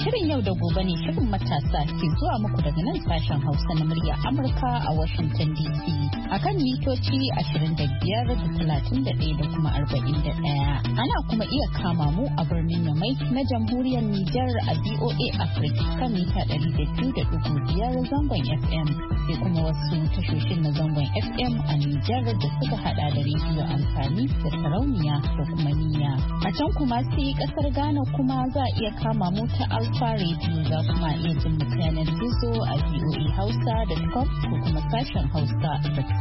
Shirin yau da gobe ne shirin matasa ke zuwa muku daga nan sashen Hausa na murya Amurka a Washington DC. a kan mitoci 25 da kuma 41. Ana kuma iya kama mu a birnin Yamai na jamhuriyar Nijar a BOA Africa kan mita 200.5 zangon FM sai kuma wasu tashoshin na zangon FM a Nijar da suka hada da rediyo amfani da sarauniya da kuma niya. A can kuma sai kasar Ghana kuma za a iya kama mu ta Alfa Radio za kuma iya jin mutanen gizo a BOA Hausa da da kuma sashen Hausa da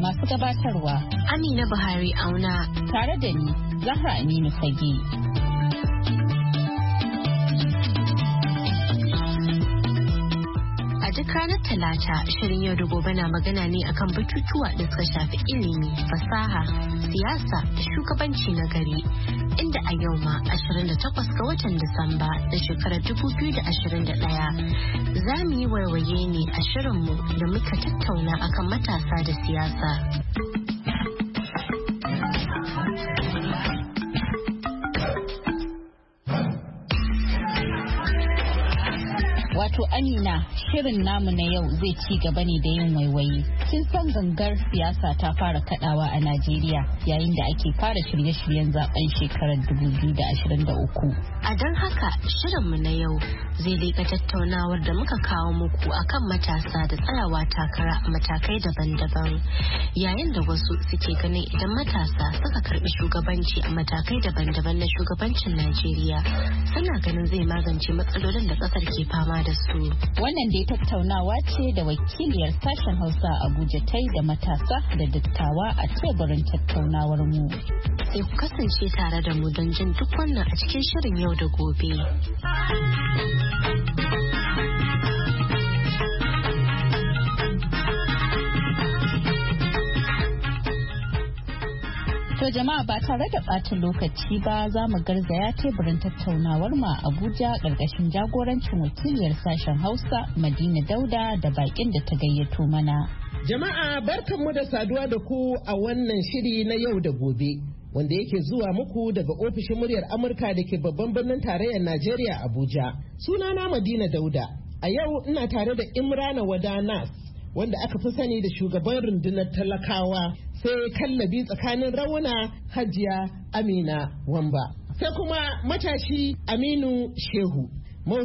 masu gabatarwa Amina Buhari auna tare da ni Zahra Aminu Fage. duk ranar talata shirin yau da gobe na magana ne akan batutuwa da suka shafi ilimi fasaha siyasa da shugabanci na gari inda a yau ma 28 ga watan Disamba da shekarar 2021 za mu yi waiwaye ne a shirinmu da muka tattauna akan matasa da siyasa. wato Amina, shirin namu na yau zai ci gaba ne da yin waiwaye. Kin san gangar siyasa ta fara kadawa a Najeriya yayin da ake fara shirye-shiryen zaben shekarar dubu biyu da ashirin 2023. A don haka shirin mu na yau zai leka tattaunawar da muka kawo muku akan matasa da tsayawa takara a matakai daban-daban. Yayin da wasu suke ganin idan matasa suka karbi shugabanci a matakai daban-daban na shugabancin Najeriya, suna ganin zai magance matsalolin da kasar ke fama da su. su. Wannan dai tattaunawa ce da wakiliyar sashen Hausa Abuja ta da matasa da dattawa a teburin tattaunawar mu. Sai ku kasance tare da mu don jin duk wannan a cikin shirin yau da gobe. To jama'a ba tare da ɓata lokaci ba za mu garzaya teburin tattaunawar mu a Abuja ƙarƙashin jagorancin wakiliyar sashen Hausa Madina Dauda da baƙin da ta gayyato mana. Jama'a barkanmu da saduwa da ku a wannan shiri na yau da gobe. wanda yake zuwa muku daga ofishin muryar Amurka da ke babban birnin tarayyar Najeriya Abuja. Sunana Madina Dauda. A yau ina tare da Imrana Wadanas wanda aka fi sani da shugaban rundunar talakawa sai kallabi tsakanin rawuna hajiya amina wamba sai kuma matashi aminu shehu mu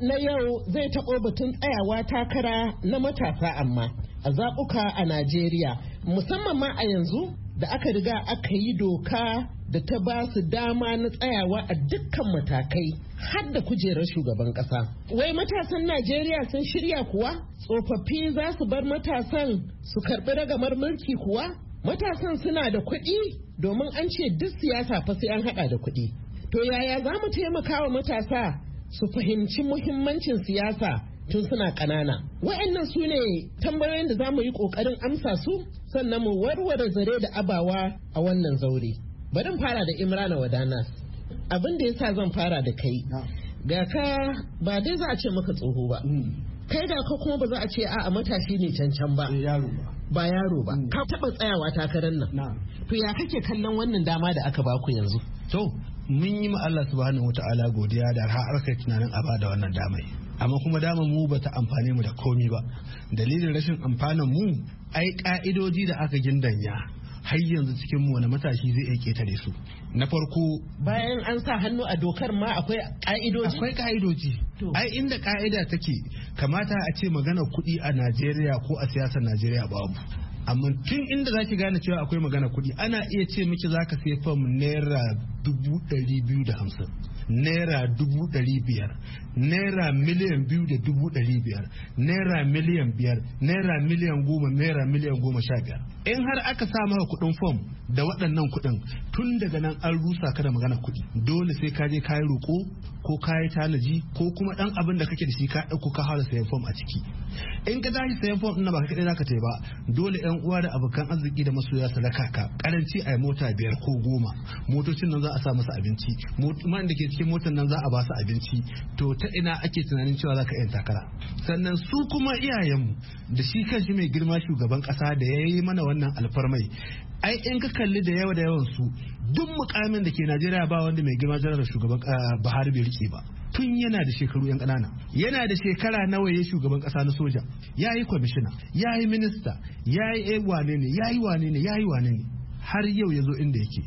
na yau zai taɓo batun tsayawa takara na matasa amma a zaɓuka a najeriya musamman ma a yanzu da aka riga aka yi doka da ta ba su dama na tsayawa a dukkan matakai har da kujerar shugaban kasa. Wai matasan Najeriya sun shirya kuwa? Tsofaffi za su bar matasan su karɓi ragamar mulki kuwa? Matasan suna da kuɗi domin an ce duk siyasa fa sai an haɗa da kuɗi. To yaya za mu taimaka wa matasa su fahimci muhimmancin siyasa tun suna ƙanana. Wa'annan su ne tambayoyin da za mu yi ƙoƙarin amsa su sannan mu warware zare da abawa a wannan zaure bari fara da imrana wadana abin da yasa zan fara da kai ga ka ba dai za a ce maka tsoho ba mm. kai da ka kuma ba za a ce a matashi ne cancan eh, ba ba yaro ba mm. ka taba tsayawa takarar nan to ya kake kallon wannan dama da aka baku yanzu to mun yi ma Allah subhanahu wataala godiya da har aka tunanin a bada wannan damai amma kuma dama mu bata amfane mu da komi ba dalilin rashin amfanin mu ai ka'idoji da aka gindanya har yanzu cikin mu wani matashi zai iya ketare su na farko bayan an sa hannu a dokar ma akwai ka'idoji akwai ka'idoji ai inda ka'ida take kamata a ce magana kuɗi a Najeriya ko a siyasar Najeriya babu amma tun inda zaki gane cewa akwai magana kuɗi ana iya ce miki zaka sai fam naira dubu ɗari biyu da hamsin naira dubu ɗari biyar naira miliyan biyu da dubu ɗari biyar naira miliyan biyar naira miliyan goma naira miliyan goma sha biyar in har aka sa maka kuɗin fom da waɗannan kuɗin tun daga nan an rusa ka da magana kuɗi dole sai ka je kayi roƙo ko kayi tanaji ko kuma ɗan abin da kake da shi ka ɗauko ka hada sayan fom a ciki in ka tashi sayan fom ɗin ba ka kaɗai za ka tai ba dole ɗan uwa da abokan arziki da masoya su raka ka karanci a mota biyar ko goma motocin nan za a sa masa abinci man da ke cikin motar nan za a ba su abinci to ta ina ake tunanin cewa za ka yin takara sannan su kuma iyayenmu da shi kanshi mai girma shugaban kasa da ya yi mana wannan alfarmai ai in ka kalli da yawa da yawan su duk mukamin da ke Najeriya ba wanda mai girma jarar shugaban ah, Buhari bai rike ba tun yana da shekaru yan ƙanana yana da shekara nawa ya shugaban kasa na soja ya yi kwamishina ya yi minista ya yi eh, wane ne ya yi wane ne ya yi wane ne har yau ya zo inda yake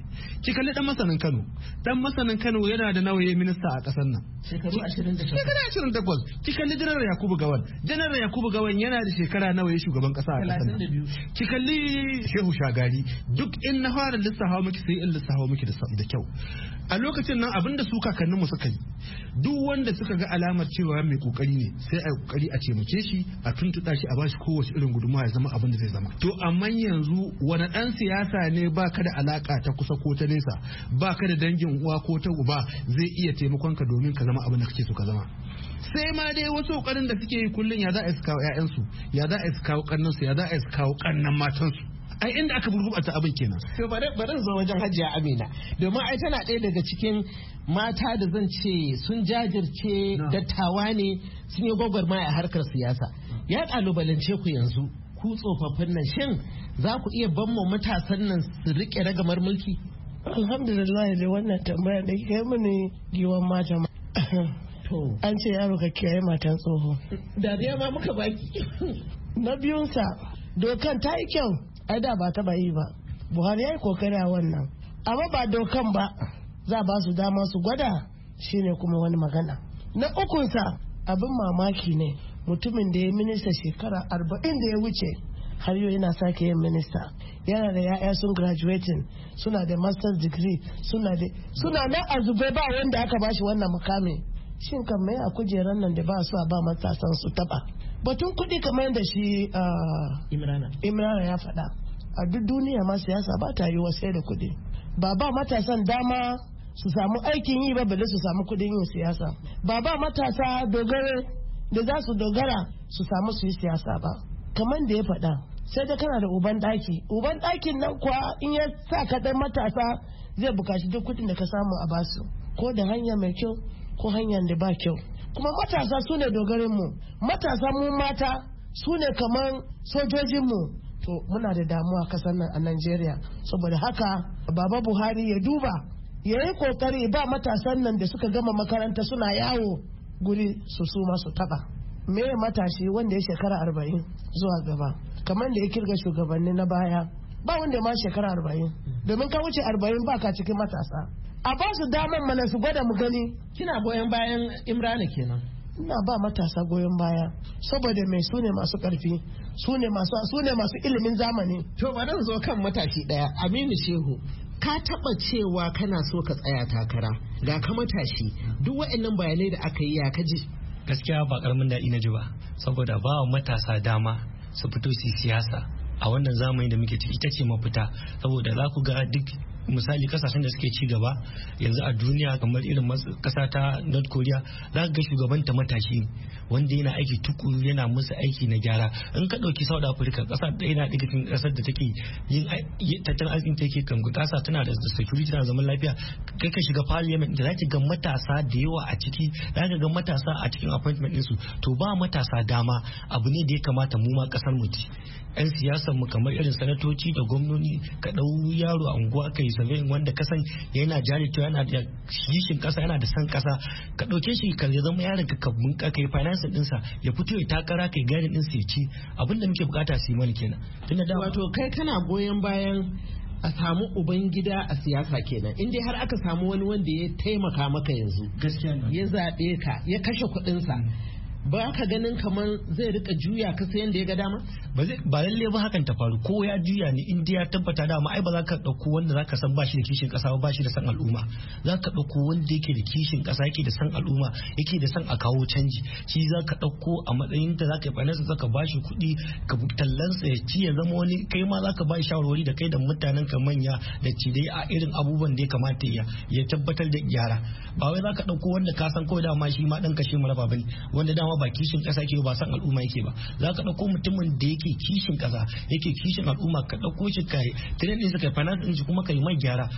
ki kalli dan masanin Kano dan masanin Kano yana da nawaye minista a kasar nan shekaru 28 shekaru 28 ki kalli janar Yakubu Gawan janar Yakubu Gawan yana da shekara nawaye shugaban kasa a kasar nan ki kalli Shehu Shagari duk in na fara hawo miki sai in hawo miki da kyau a lokacin nan abinda su kakannin mu suka yi duk wanda suka ga alamar cewa mai kokari ne sai a kokari a taimake shi a tuntuta shi a bashi kowace irin gudunmawa ya zama abin da zai zama to amma yanzu wani dan siyasa ne ba ka da alaka ta kusa ko ta nesa ba ka da dangin uwa ko ta uba zai iya taimakon ka domin ka zama abin da kake so ka zama sai ma dai wasu kokarin da suke yi kullun ya za a su kawo su ya za a su kawo su ya za a su kawo kannan matansu ai inda aka ta abin kenan to bare zo wajen hajiya amina domin ai tana ɗaya daga cikin mata da zan ce sun jajirce dattawa ne sun yi gwagwarmaya a harkar siyasa ya kalubalance ku yanzu ku tsofaffin nan shin za ku iya ban mu matasan nan su rike ragamar mulki alhamdulillah da wannan tambaya da ke ne giwon mata an ce yaro ka kiyaye matan tsoho dariya ma muka baki na biyunsa dokan ta yi kyau ai da ba ta yi ba buhari ya yi kokari a wannan amma ba dokan ba za ba su dama su gwada shine kuma wani magana na ukunsa abin mamaki ne mutumin da ya yi minista shekara arba'in da ya wuce har yau yana sake yin minista yana da ya'ya sun graduating suna da master's degree suna da suna na a ba wanda aka shi wannan mukamin shin kan mai a kujeran nan da ba su a ba matasan su taba batun kuɗi kamar yadda shi ah, imrana ya faɗa a duk duniya ma siyasa ba ta yi sai da kuɗi ba ba matasan dama su samu aikin yi ba bale su samu kuɗin yin siyasa ba ba matasa dogare da za su dogara su samu su yi siyasa ba kamar da ya faɗa sai da kana da uban ɗaki uban ɗakin nan kuwa in ya sa kaɗai matasa zai bukaci duk kuɗin da ka samu a basu ko da hanya mai kyau ko hanyar da ba kyau kuma matasa su ne dogarinmu matasa mu mata su ne kamar sojojinmu to muna da damuwa kasar nan a Najeriya saboda haka baba Buhari ya duba ya yi kokari ba matasan nan da suka gama makaranta suna yawo guri su suma su taɓa me matashi wanda ya shekara arba'in zuwa gaba kamar da ya kirga shugabanni na baya ba wanda ma shekara arba'in domin ka wuce arba'in ba ka cikin matasa a ba su daman mana su gwada mu gani kina goyon bayan imrana kenan ina ba matasa goyon baya saboda mai su ne masu karfi su ne masu ilimin zamani to ba bari zo kan matashi daya aminu shehu ka taba cewa kana so ka tsaya takara ga ka matashi duk waɗannan bayanai da aka yi ya kaji gaskiya ba karamin daɗi na ji ba saboda ba wa matasa dama su fito su siyasa a wannan zamani da muke ciki ita ce mafita saboda za ku ga duk misali kasashen da suke ci gaba yanzu a duniya kamar irin kasa ta north korea za ga shugabanta matashi wanda yana aiki tukuru yana musu aiki na gyara in ka ɗauki south africa kasa ɗaya na daga cikin kasar da take yin tattalin arzikin take kan kasa tana da security tana zaman lafiya kai ka shiga parliament da zaki ga matasa da yawa a ciki ka ga matasa a cikin appointment su to ba matasa dama abu ne da ya kamata mu ma kasar mu 'yan siyasar mu kamar irin sanatoci da gwamnoni ka ɗau yaro a unguwa ka yi sabirin wanda san yana to yana da shishin kasa yana da san kasa ka ɗauke shi ka zama yaron ka kabun ka kai finance ɗinsa ya fito ya takara kai gani ɗin su ya ci abin muke bukata su yi mana kenan. wato kai kana goyon bayan a samu uban gida a siyasa kenan in dai har aka samu wani wanda ya taimaka maka yanzu gaskiya ya zaɓe ka ya kashe kuɗinsa ba ka ganin kamar zai rika juya ka sai yadda ya ga dama ba zai ba lalle ba hakan ta faru ko ya juya ne indiya ya tabbata dama ai ba za ka dauko wanda za ka san bashi da kishin kasa ba bashi da san al'umma za ka dauko wanda yake da kishin kasa yake da san al'umma yake da san a kawo canji shi za ka dauko a matsayin ta za ka yi finance za ka bashi kuɗi ka tallansa ya ci ya zama wani kai ma za ka bashi shawarwari da kai da mutanen ka manya da ci dai a irin abubuwan da ya kamata ya ya tabbatar da gyara ba wai za ka dauko wanda ka san kawai dama shi ma dan kashe mu bane wanda dama kuma ba kishin kasa ke ba san al'umma yake ba za ka ɗauko mutumin da yake kishin kasa yake kishin al'umma ka ɗauko shi ka tare da suka fana din shi kuma ka yi mai gyara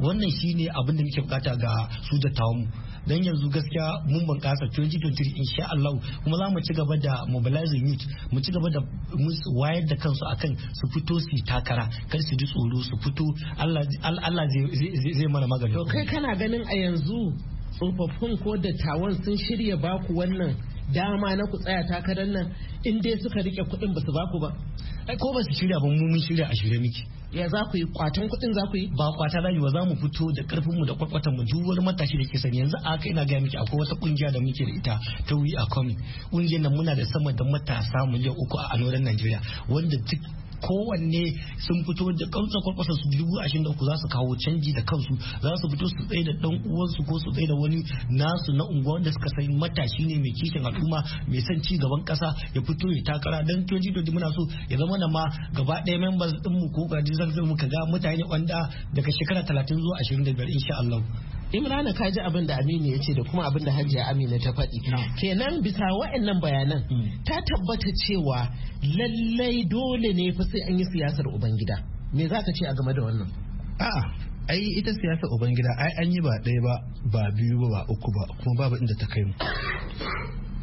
wannan shine abin da muke bukata ga su da tawamu dan yanzu gaskiya mun bunƙasa 2023 insha Allah kuma za mu ci gaba da mobilizing youth mu ci gaba da wayar da kansu akan su fito su takara kar su ji tsoro su fito Allah zai mana magani to kai kana ganin a yanzu tsofaffin ko dattawan sun shirya baku wannan dama na ku tsaya takarar nan in dai suka rike kuɗin ba su ba ku ba ai ko ba su shirya ba mun shirya a shirye miki ya za ku yi kwatan kuɗin za ku yi ba kwata za ba za mu fito da karfin da kwakwatan mu duk wani matashi da ke sani yanzu a kai na ga miki akwai wata kungiya da muke da ita ta wi a kungiyar nan muna da sama da matasa miliyan uku a anoran Najeriya wanda duk kowanne sun fito da kansa kwasa su dubu ashirin da uku za su kawo canji da kansu za su fito su tsaye da dan uwansu ko su tsaye da wani nasu na unguwa da suka sai matashi ne mai kishin al'umma mai son ci gaban kasa ya fito ya takara dan da muna so ya zama na ma gaba ɗaya members din mu ko ga mu ka ga mutane wanda daga shekara 30 zuwa 25 insha Allah Imrana ka ji abin da Aminu ya ce da kuma abin da Hajiya Amina ta faɗi. Kenan bisa wa'annan bayanan hmm. ta tabbata cewa lallai dole ne fa sai an yi siyasar Ubangida. Me za ka ce a game da wannan? A'a ai ita siyasar Ubangida ai an yi ba ɗaya ba ba biyu ba uku ba kuma babu inda ta kai mu.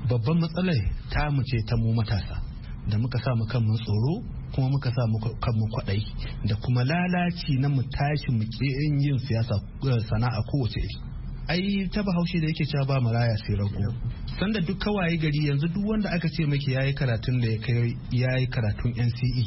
Babban matsalar ta mu ce ta mu matasa da muka sa mu kan mun tsoro kuma muka sa mu kwaɗayi da kuma lalaci na mu tashi mu yin siyasa eh, sana'a kowace iri ai ta bahaushe da yake cewa ba maraya sai rago sanda duk kawaye gari yanzu duk wanda aka ce maki yayi karatun da ya kai yayi karatun NCE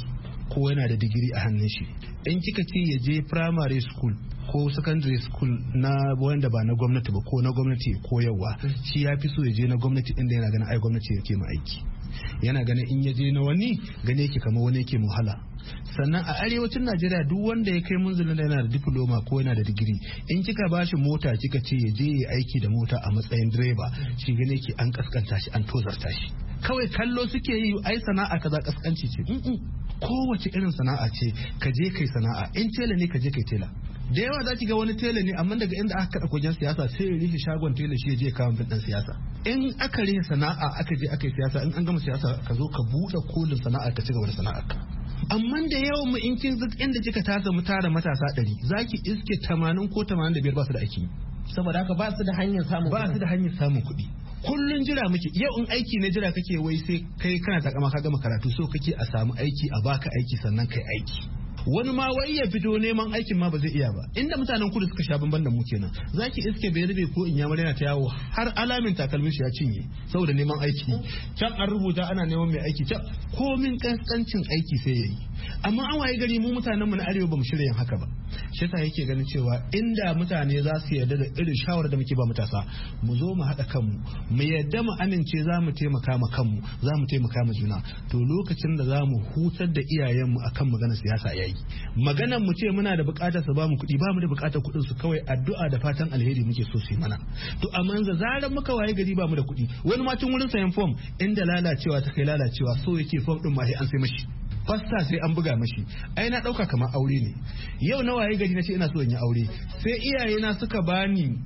ko yana da digiri a hannun shi in kika ce ya je primary school ko secondary school na wanda ba na gwamnati ba ko na gwamnati ko yawa shi ya fi so ya je na gwamnati inda yana ganin ai gwamnati yake ma aiki yana ganin in yaje na wani gane yake kamar wani yake muhala sannan a arewacin najeriya duk wanda ya kai munzulin da yana da diploma ko yana da digiri in kika bashi mota kika ce ya je ya aiki da mota a matsayin direba shi gane ki an kaskanta shi an tozarta shi kawai kallo suke yi ai sana'a kaza kaskanci ce kowace irin sana'a ce ka je kai sana'a in tela ne ka je kai tela da yawa za ki ga wani tela ne amma daga inda aka kada kogin siyasa sai ya rufe shagon tela shi ya je kawo bin dan siyasa in aka rufe sana'a aka je aka yi siyasa in an gama siyasa ka zo ka buɗe kolin sana'a ka ci gaba da sana'a. ka amma da yawa mu in kin inda kika tasa mu tara matasa ɗari zaki iske tamanin ko tamanin da biyar ba su da aiki saboda haka ba su da hanyar samun ba su da hanyar samun kuɗi kullun jira muke yau in aiki na jira kake wai sai kai kana takama ka gama karatu so kake a samu aiki a baka aiki sannan kai aiki wani ma wai ya fito neman aikin ma ba zai iya ba inda mutanen kudu suka sha bamban da mu kenan zaki iske bai rube ko in yamar yana ta yawo har alamin takalmin shi ya cinye saboda neman aiki can an rubuta ana neman mai aiki can komin kaskancin aiki sai yayi amma an waye gari mu mutanen mu na arewa bamu shirya haka ba shi sa yake ganin cewa inda mutane za su yarda da irin shawarar da muke ba matasa mu zo mu haɗa kanmu mu yarda mu amince za mu taimaka ma kanmu za mu taimaka ma juna to lokacin da za mu hutar da iyayenmu akan maganar siyasa ya yi. maganar mu ce muna da buƙatar su ba mu kuɗi ba mu da buƙatar kuɗin su kawai addu'a da fatan alheri muke so su yi mana to amma da zarar muka waye gari ba mu da kuɗi wani ma tun wurin sayan fom inda lalacewa ta kai lalacewa so yake fom ɗin ma sai an sai mashi fasta sai an buga mashi ai na dauka kamar aure ne yau na waye gari na ce ina so in yi aure sai iyaye na suka bani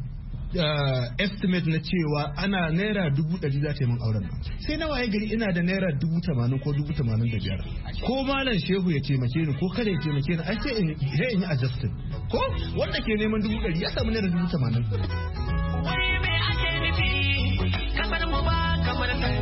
uh, ah, estimate na cewa ana naira dubu ɗari za ta yi min auren nan sai na waye gari ina da naira dubu tamanin ko dubu tamanin da biyar ko malam shehu ya taimake ni ko kada ya taimake ni ai sai in yi adjusting ko wanda ke neman dubu ɗari ya samu naira dubu tamanin. Wai me ake nufi kamar mu ba kamar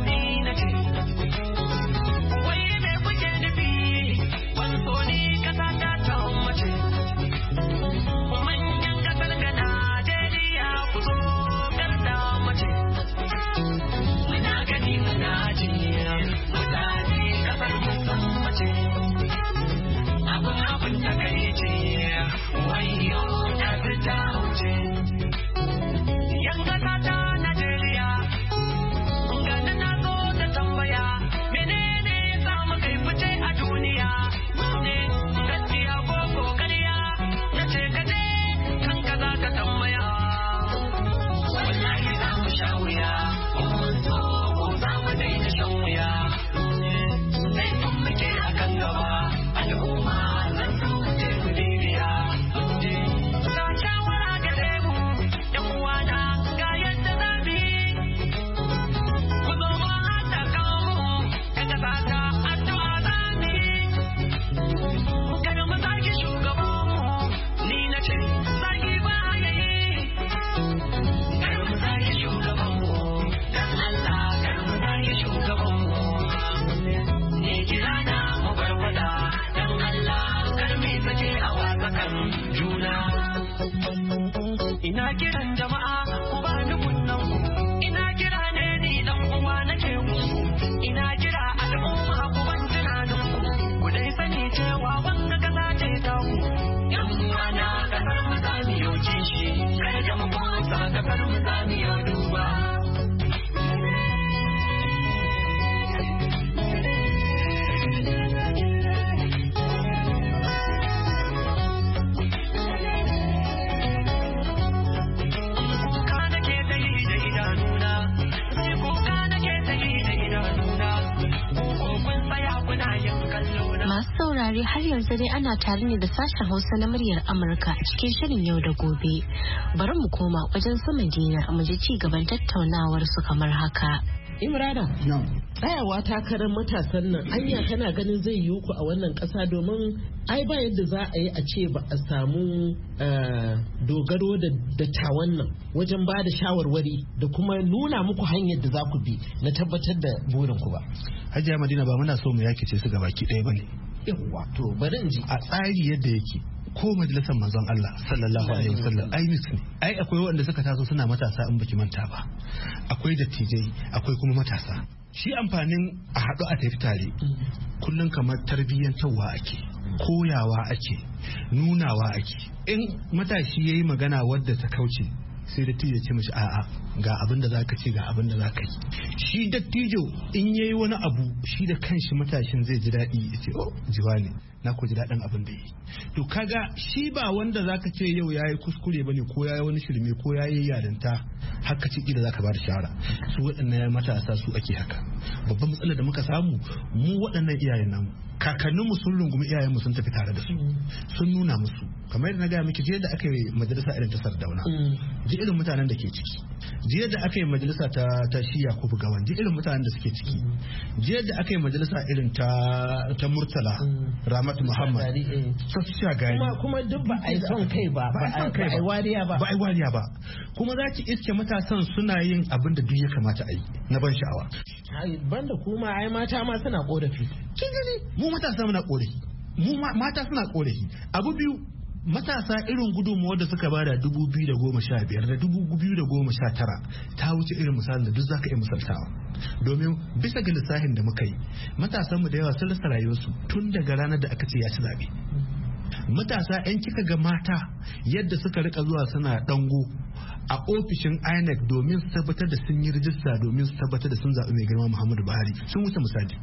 saurare har yanzu dai ana tare ne da sashen Hausa na muryar Amurka a cikin shirin yau da gobe. Bari mu koma wajen sama dina mu ji ci gaban tattaunawar su kamar haka. Imrana. Tsayawa takarar matasan nan anya tana ganin zai yiwu ku a wannan kasa domin ai ba yadda za a yi a ce ba a samu eh, dogaro da dattawan nan wajen ba da shawarwari da kuma nuna muku hanyar da za ku bi na tabbatar da burin ku ba. Hajiya Madina ba muna so mu yake ce su gabaki ɗaya ba ne. yawwa to bari in ji a tsari yadda yake ko majalisar manzon Allah sallallahu alaihi wasallam ai ne. ai akwai waɗanda suka taso suna matasa in baki manta ba akwai dattijai akwai kuma matasa shi amfanin a haɗu a tafi tare kullum kamar tarbiyyantarwa ake koyawa ake nunawa ake in matashi yayi magana wadda ta kauce sai dattijo ya ce mishi a'a ga abin da za ka ce ga abinda da za ka yi shi dattijo in yayi wani abu shi da kanshi matashin zai ji daɗi ya ce oh jiwa ne na ku ji daɗin abin da yi to kaga shi ba wanda zaka ce yau yayi kuskure ba ne ko yayi wani shirme ko yayi yarinta haka ce kila zaka ba da shara su waɗannan matasa su ake haka babban matsalar da muka samu mu waɗannan iyayen namu kakanninmu sun rungumi iyayenmu sun tafi tare da su sun nuna musu kamar yadda na gaya miki jiya da aka yi majalisa irin ta sardauna mm. ji irin mutanen da ke ciki jiya da aka yi majalisa ta ta shi yakubu gawan ji irin mutanen da suke ciki mm. jiya da aka yi majalisa irin ta ta murtala mm. rama Ahmad Muhammad eh. sha Gani kuma duk ba a yi son kai ba ba a yi wariya ba ba a yi wariya ba kuma za ki iske matasan suna yin abin da duk ya kamata a yi na ban sha'awa banda kuma a yi mata ma suna korafi kin gani mu matasa muna korafi mu mata suna korafi abu biyu matasa irin gudunmuwar da suka bada biyu da goma goma sha sha biyar da da dubu biyu tara ta wuce irin misalin da duk zaka iya misaltawa domin bisa ga lissafin da muka yi matasanmu da yawa sun rasa rayuwarsu tun daga ranar da aka ce ya ci zaɓe matasa 'yan kika ga mata yadda suka rika zuwa suna dango a ofishin INEC domin tabbatar da sun yi rijista domin tabbatar da sun zaɓi mai girma Muhammadu Buhari sun wuce misali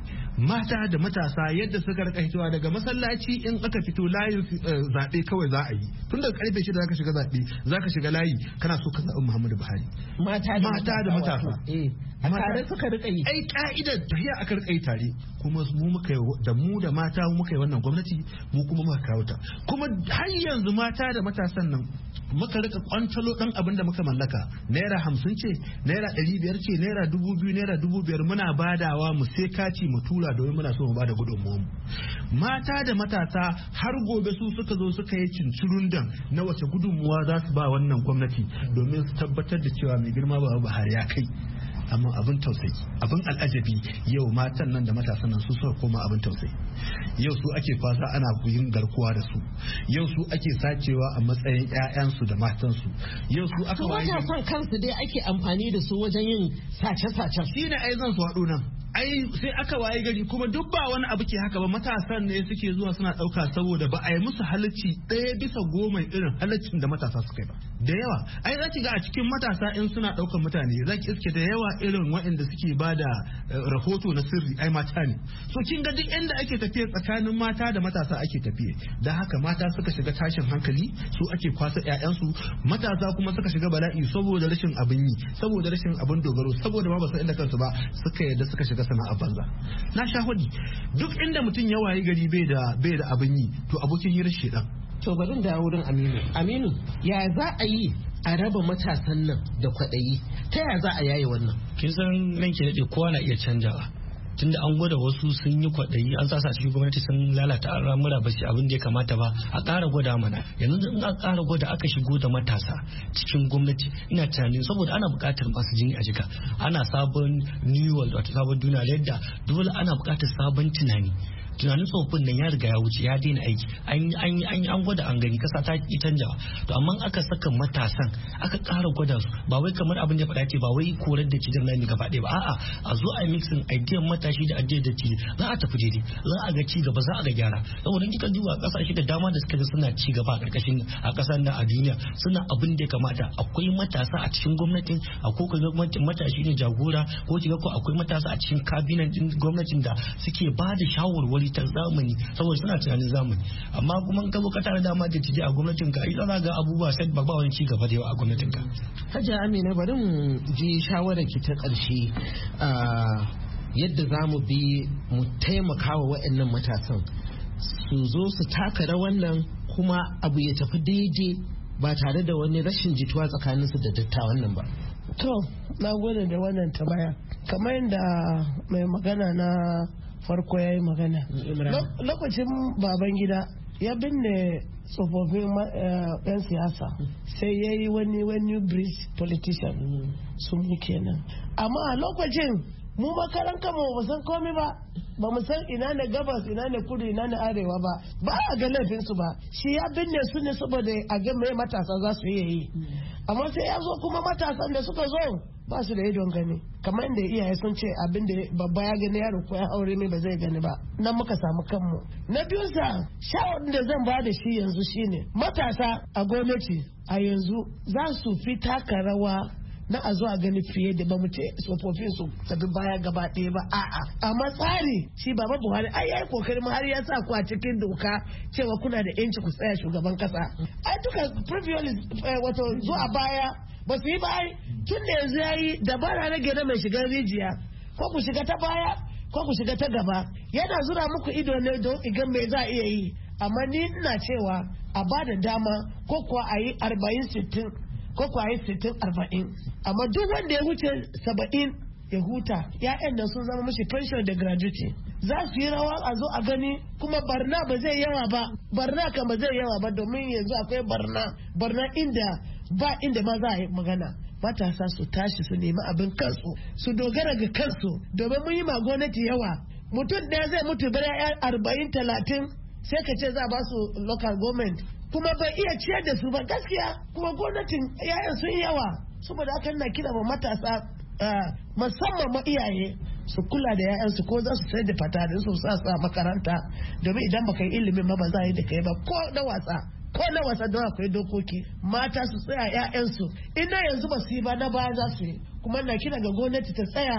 mata da matasa yadda suka rika hitowa daga masallaci in aka fito layin eh, zaɓe kawai za a yi tun daga karfe shida zaka shiga zaɓe zaka shiga layi kana so ka zaɓi Muhammadu Buhari mata da matasa eh, a tare suka rika yi ai ka'idar tafiya aka rika yi tare kuma mu muka da mu da mata mu muka yi wannan gwamnati mu kuma muka kawo ta kuma har yanzu mata da matasan nan muka rika kwantalo dan abin da muka muka mallaka naira hamsin ce naira ɗari biyar ce naira dubu biyu naira dubu biyar muna badawa mu sai kaci mu tura domin muna so mu bada gudunmuwan mu mata da matasa har gobe su suka zo suka yi cincirundan na wace gudunmuwa za su ba wannan gwamnati domin su tabbatar da cewa mai girma ba Buhari ya kai amma abin tausayi abin al'ajabi yau matan nan da matasan nan su suka koma abin tausayi yau su ake kwasa ana yin garkuwa da su yau su ake sacewa a matsayin ƴaƴansu da matansu yau su aka waye kansu dai ake amfani da su wajen yin sace-sace shine ai zan su haɗu nan ai sai aka waye gari kuma duk ba wani abu ke haka ba matasan ne suke zuwa suna ɗauka saboda ba a yi musu halacci ɗaya bisa goma irin halaccin da matasa suka yi ba da yawa ai za ki ga a cikin matasa in suna ɗaukar mutane za ki iske da yawa irin waɗanda suke ba da eh, rahoto na sirri ai mata ne so kin ga duk inda ake tafiya tsakanin mata da matasa ake tafiya da haka mata suka shiga tashin hankali su ake kwasa ƴaƴansu matasa kuma suka shiga bala'i saboda rashin abin yi saboda rashin abin dogaro saboda ma ba su inda kansu ba suka yadda suka shiga sana'a banza na sha duk inda mutum ya wayi gari bai da bai da abin yi to abokin hirar dan. to bari da wurin aminu aminu ya za a yi a raba matasan nan da kwaɗayi ta ya za a yaye wannan kin san nan ke daɗe kowa na iya canjawa tunda an gwada wasu sun yi kwaɗayi an sasa cikin gwamnati sun lalata ramura ba shi abin da ya kamata ba a ƙara gwada mana yanzu in aka ƙara gwada aka shigo da matasa cikin gwamnati ina tunanin saboda ana buƙatar masu jini a jika ana sabon new world wato sabon duniya yadda dole ana buƙatar sabon tunani tunanin tsofin nan ya riga ya wuce ya daina aiki an an gwada an gani kasa ta ki canjawa to amma aka saka matasan aka kara gwada su ba wai kamar abin da faɗa ce ba wai korar da cikin nan gaba ɗaya ba a'a a zo a mixin ajiyar matashi da ajiyar da za a tafi daidai za a ga ci gaba za a ga gyara saboda kika duba kasashe da dama da suka suna ci gaba a ƙarƙashin a ƙasar nan a duniya suna abin da ya kamata akwai matasa a cikin gwamnatin akwai gwamnatin matashi ne jagora ko kiga ko akwai matasa a cikin kabinan gwamnatin da suke ba da shawarwari bitan zamani saboda suna tunanin zamani amma kuma ka zo ka tara dama da tije a gwamnatin ka idan ga abubuwa sai ba wani ci gaba da yawa a gwamnatin ka haja Amina bari mu ji shawara ki ta karshe yadda za mu bi mu taimaka wa waɗannan matasan su zo su taka rawan nan kuma abu ya tafi daidai ba tare da wani rashin jituwa tsakaninsu da dattawan nan ba. To, na gode da wannan tabaya Kamar yadda mai magana na farko ya yi magana lokacin baban gida ya binne tsofaffin eh, yan siyasa sai ya yi wani wani bridge politician su mu kenan amma a lokacin mu makaran kama ba san komi ba ba mu san ina ne gabas ina ne kudu ina ne arewa ba ba a ga laifinsu ba shi ya binne su ne saboda a ga mai matasa za su yi hmm. amma sai ya zo kuma matasan da suka zo ba su da idon gani kamar inda iyaye sun ce abin da babba ya gani yaro ko ya aure ne ba zai gani ba nan muka samu kanmu na biyu sa shawarar da zan ba da shi yanzu shine matasa a gwamnati a yanzu za su fi taka rawa na a zuwa gani fiye da ba mu ce tsofaffin su tafi baya gaba ɗaya ba a'a amma tsari shi baba buhari ai yayi kokari mu har ya sa ku a cikin doka cewa kuna da yanci ku tsaya shugaban kasa ai duka privilege eh, wato zuwa baya ba su yi bayi tun da yanzu ya yi dabara na gina mai shiga rijiya ko ku shiga ta baya ko ku shiga ta gaba yana zura muku ido ne don igan mai za a iya yi amma ni ina cewa a ba da dama ko kuwa a yi arba'in sittin ko kuwa a yi sittin arba'in amma duk wanda ya wuce saba'in ya huta ya'yan da sun zama mashi pension da gratuity za su yi rawa a zo a gani kuma barna ba zai yawa ba barna kan ba zai yawa ba domin yanzu akwai barna barna inda ba inda ma za a yi magana matasa su tashi su nemi abin kansu su dogara ga kansu domin mun yi ma gwamnati yawa mutum ɗaya zai mutu bari arba'in talatin sai ka ce za a ba su local government kuma bai iya ciyar da su ba gaskiya kuma gwamnatin yayan sun yawa saboda haka na kira ba matasa musamman ma iyaye su kula da 'ya'yansu ko za su sai da fatarin su sa makaranta domin idan baka yi ilimin ma ba za a yi da kai ba ko da wasa ko na wasan akwai dokoki mata su tsaya 'ya'yansu ina yanzu ba su yi ba na ba za su yi kuma na kira ga gwamnati ta tsaya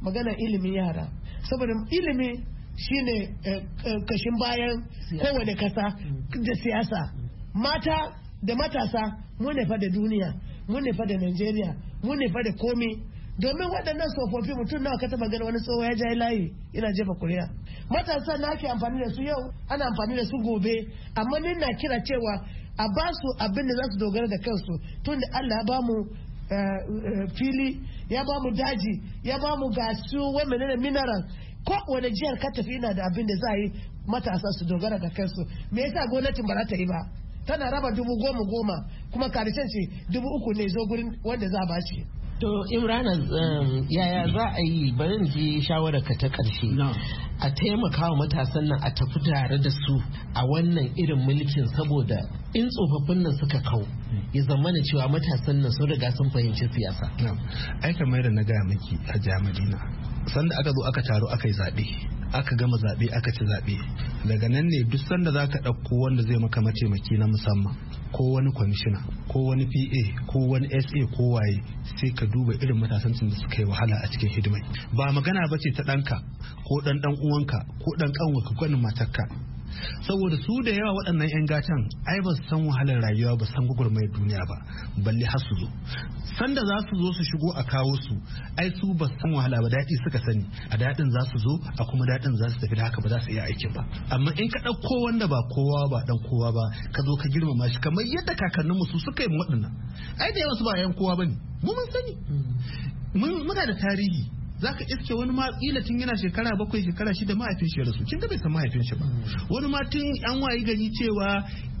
magana ilimin yara saboda ilimi shine eh, eh, kashin bayan kowane kasa mm. da siyasa mata da matasa mu ne fa da duniya mu ne fa da Najeriya mu ne fa da komi domin waɗannan tsofaffi mutum nawa ka magana wani tsoho ya jayi layi yana jefa kuriya matasa na ake amfani da su yau ana amfani da su gobe amma ni na kira cewa a ba su abin da za su dogara da kansu tun da Allah ya ba mu eh, eh, fili ya ba mu daji ya ba mu gasu wai menene mineral ko wani jihar ka tafi ina da abin da za yi matasa su dogara da kansu me yasa gwamnatin ba za ta yi ba tana raba dubu goma goma kuma karshen ce dubu uku ne zo gurin wanda za a shi To Imrana um, yaya za a yi barin ji shawara ka ta ƙarshe. A taimaka wa matasan nan a tafi tare da su a wannan irin mulkin saboda in tsofaffin nan suka kau ya zamana cewa matasan nan sun riga sun fahimci siyasa. Ai kamar da na gaya miki a Madina. Sanda aka zo aka taro aka yi zaɓe. aka gama zaɓe aka ci zaɓe daga nan ne duk sanda za ka ɗauko wanda zai maka mataimaki na musamman ko wani kwamishina ko wani pa ko wani sa ko waye sai ka duba irin matasan da suka yi wahala a cikin hidimai ba magana ba ce ta ɗanka ko ɗan ɗan uwanka ko ɗan ƙanwa ka gwanin matarka saboda su da yawa waɗannan 'yan gatan ai ba su san wahalar rayuwa ba san gwagwarmayar duniya ba balle har su zo sanda za su zo su shigo a kawo su ai su ba san wahala ba daɗi suka sani a daɗin za su zo a kuma daɗin za su tafi da haka ba za su iya aikin ba amma in ka ɗauko wanda ba kowa ba ɗan kowa ba ka zo ka girmama shi kamar yadda kakanninmu su suka yi waɗannan ai da yawa su ba 'yan kowa ba ne mu mun sani muna da tarihi za ka iske wani ma kila tun yana shekara bakwai shekara shida mahaifin shi ya rasu kin ga bai san mahaifin shi ba hmm. wani ma tun an wayi gani cewa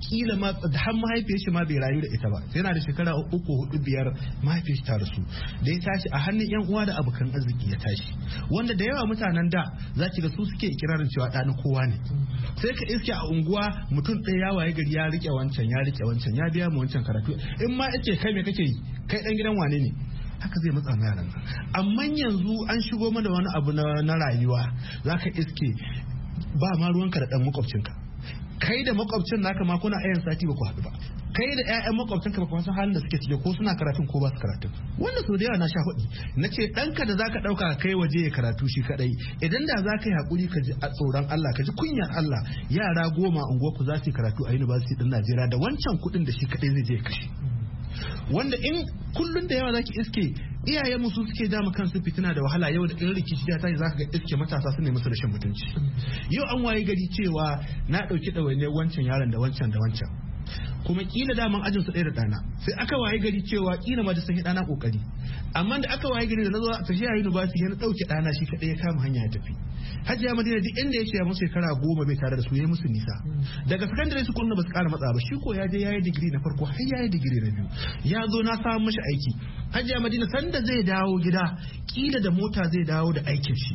kila ma har mahaifin shi ma bai rayu da ita ba yana da shekara uku hudu biyar mahaifin shi ta rasu da ya tashi a hannun yan uwa da abokan arziki ya tashi wanda da yawa mutanen da za ki ga su suke ikirarin cewa ɗani kowa ne hmm. sai ka iske a unguwa mutum ɗaya ya waye gari ya rike wancan ya rike wancan ya biya mu wancan karatu in ma ake kai me kake yi kai dan gidan wane ne haka zai matsa yaran amma yanzu an shigo mana wani abu na rayuwa zaka iske ba ma ruwanka da dan makwabcinka kai da makwabcin naka ma kuna ayan sati ba ku haɗu ba kai da ƴaƴan makwabcinka ba ku san halin da suke ciki ko suna karatun ko ba su karatun wanda sau da yawa na sha hudu na ce ɗanka da zaka ɗauka kai waje ya karatu shi kaɗai idan da za ka yi haƙuri ka ji a tsoron Allah ka ji kunyar Allah yara goma unguwa ku za su karatu a university ɗin Najeriya da wancan kuɗin da shi kaɗai zai je kashe wanda in kullun da yawa zaki iske iyayen musu suke dama su fitina da wahala yau da in rikici da tashi zaka ga iske matasa su ne musu rashin mutunci yau an waye gari cewa na dauki ɗawainiyar wancan yaron da wancan da wancan kuma kila daman ajin su ɗaya da dana sai aka waye gari cewa kila ma da sun yi ɗana kokari amma da aka waye gari da na zo a tafiya yi ba su yana ɗauke ɗana shi kaɗai ya kama hanya ya tafi ya madina duk inda ya ce musu shekara goma mai tare da su ya musu nisa daga sakandare su kunna ba su ƙara matsa ba shi ko ya je ya yi digiri na farko har ya yi digiri na biyu ya zo na samu mashi aiki ya madina sanda zai dawo gida kila da mota zai dawo da aikin shi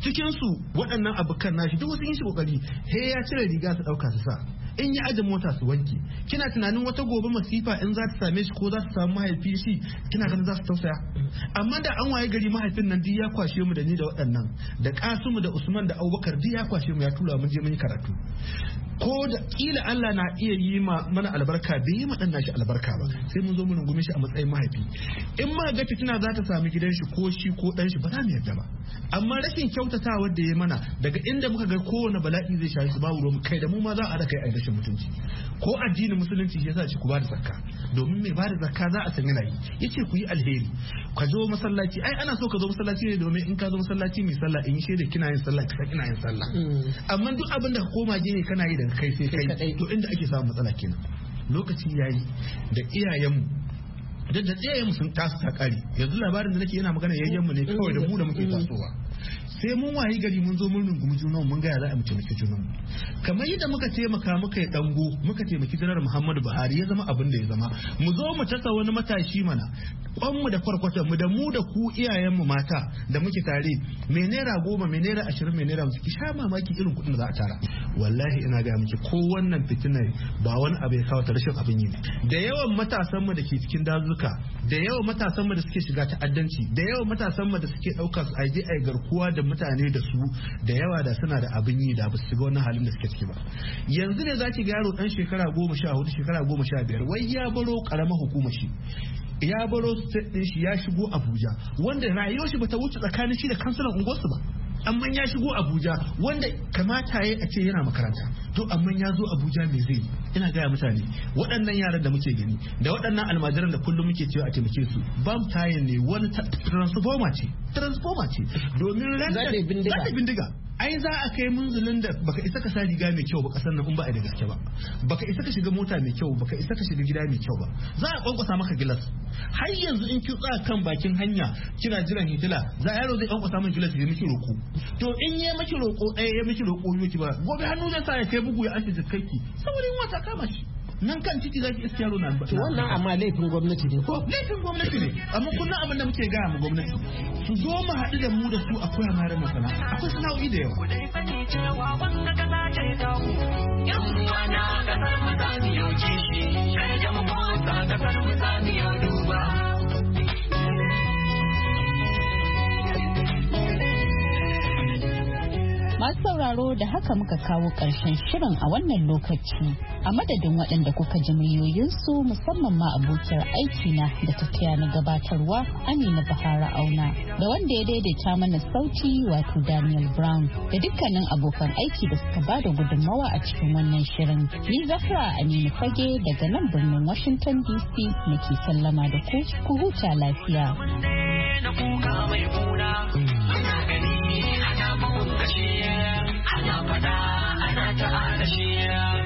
cikinsu waɗannan abokan nashi duk wasu yin shi kokari he ya cire riga su ɗauka su sa in ya aje mota su wanke kina tunanin wata gobe masifa in za ta same shi ko za ta samu mahaifi shi kina ganin za su tausaya amma da an waye gari mahaifin nan duk ya kwashe mu da ni da waɗannan da mu da Usman da Abubakar duk ya kwashe mu ya tura mu je mun karatu ko da kila Allah na iya yi mana albarka bai yi maɗan shi albarka ba sai mun zo mu rungume shi a matsayin mahaifi in ma ga fitina za ta sami gidan shi ko shi ko ɗan shi ba za mu yarda ba amma rashin kyautatawa da ya mana daga inda muka ga kowane bala'i zai shafi su babu mu kai da mu ma za a raka yi a rashin mutunci ko addinin musulunci shi yasa ce ku ba da zakka domin mai ba da zakka za a san yana yi yace ku yi alheri ka zo masallaci ai ana so ka zo masallaci ne domin in ka zo masallaci mai sallah in da kina yin sallah ka kina yin sallah mm. amma duk abin da ka koma gini kana yi da kai sai kai to inda ake samun matsala kenan lokaci yayi da iyayenmu da da tsaye sun tasu ta kare yanzu labarin da nake yana magana yayyen mu ne kawai da mu da muke tasowa sai mun wayi gari mun zo mun rungumi junan mun ga za a mu taimaki juna kamar yadda muka taimaka muka yi dango muka taimaki janar Muhammadu Buhari ya zama abin da ya zama mu zo mu tasa wani matashi mana Kwan mu da kwarkwata mu da mu da ku iyayen mu mata da muke tare me naira goma me naira ashirin me naira ki sha mamaki irin kuɗin da za a tara wallahi ina gaya miki ko wannan fitinar ba wani abu ya kawo ta rashin abin yi da yawan matasan mu da ke cikin dazuka da yawan matasan mu da suke shiga ta'addanci da yawan matasan mu da suke ɗauka su aje ai garku garkuwa da mutane da su da yawa da suna da abin yi da ba su ga wani halin da suke ciki ba yanzu ne za ki ga yaro dan shekara goma sha hudu shekara goma sha biyar wai ya baro karamar hukumar shi ya baro state din shi ya shigo abuja wanda rayuwar shi bata wuce tsakanin shi da kansulan unguwarsu ba amma ya shigo abuja wanda kamata ya a ce yana makaranta to amma ya zo abuja me zai ina gaya mutane waɗannan yaran da muke gani da waɗannan almajiran da kullum muke cewa a taimake su bam tayin ne wani transformer ce transformer ce domin rantar zai bindiga ai za a kai munzulin da baka isa ka sa riga mai kyau ba kasar nan in ba a da gaske ba baka isa ka shiga mota mai kyau baka isa ka shiga gida mai kyau ba za a kwankwasa maka gilas har yanzu in ki tsaya kan bakin hanya kina jiran dila za a yaro zai kwankwasa maka gilas ya miki roko to in ya miki roko ɗaya ya miki roko yau ki ba gobe hannu zai sa ya kai bugu ya asibiti kai ki saboda yin wata kama shi nan kan ciki zaki iske yaro to wannan amma laifin gwamnati ne ko laifin gwamnati ne amma kullum abin da muke gaya mu gwamnati su zo mu haɗu da mu da su a koya mara masana akwai sana'o'i da yawa sauraro da haka muka kawo ƙarshen shirin a wannan lokaci a madadin waɗanda kuka ji muryoyinsu musamman ma abokiyar aikina da tafiya na gabatarwa amina bahara auna da wanda ya daidaita mana sauti wato daniel brown da dukkanin abokan aiki da suka ba da gudunmawa a cikin wannan shirin ni zafra aminu fage daga nan birnin washington dc nake sallama da ku ku huta lafiya. ana faɗa ana ta adashi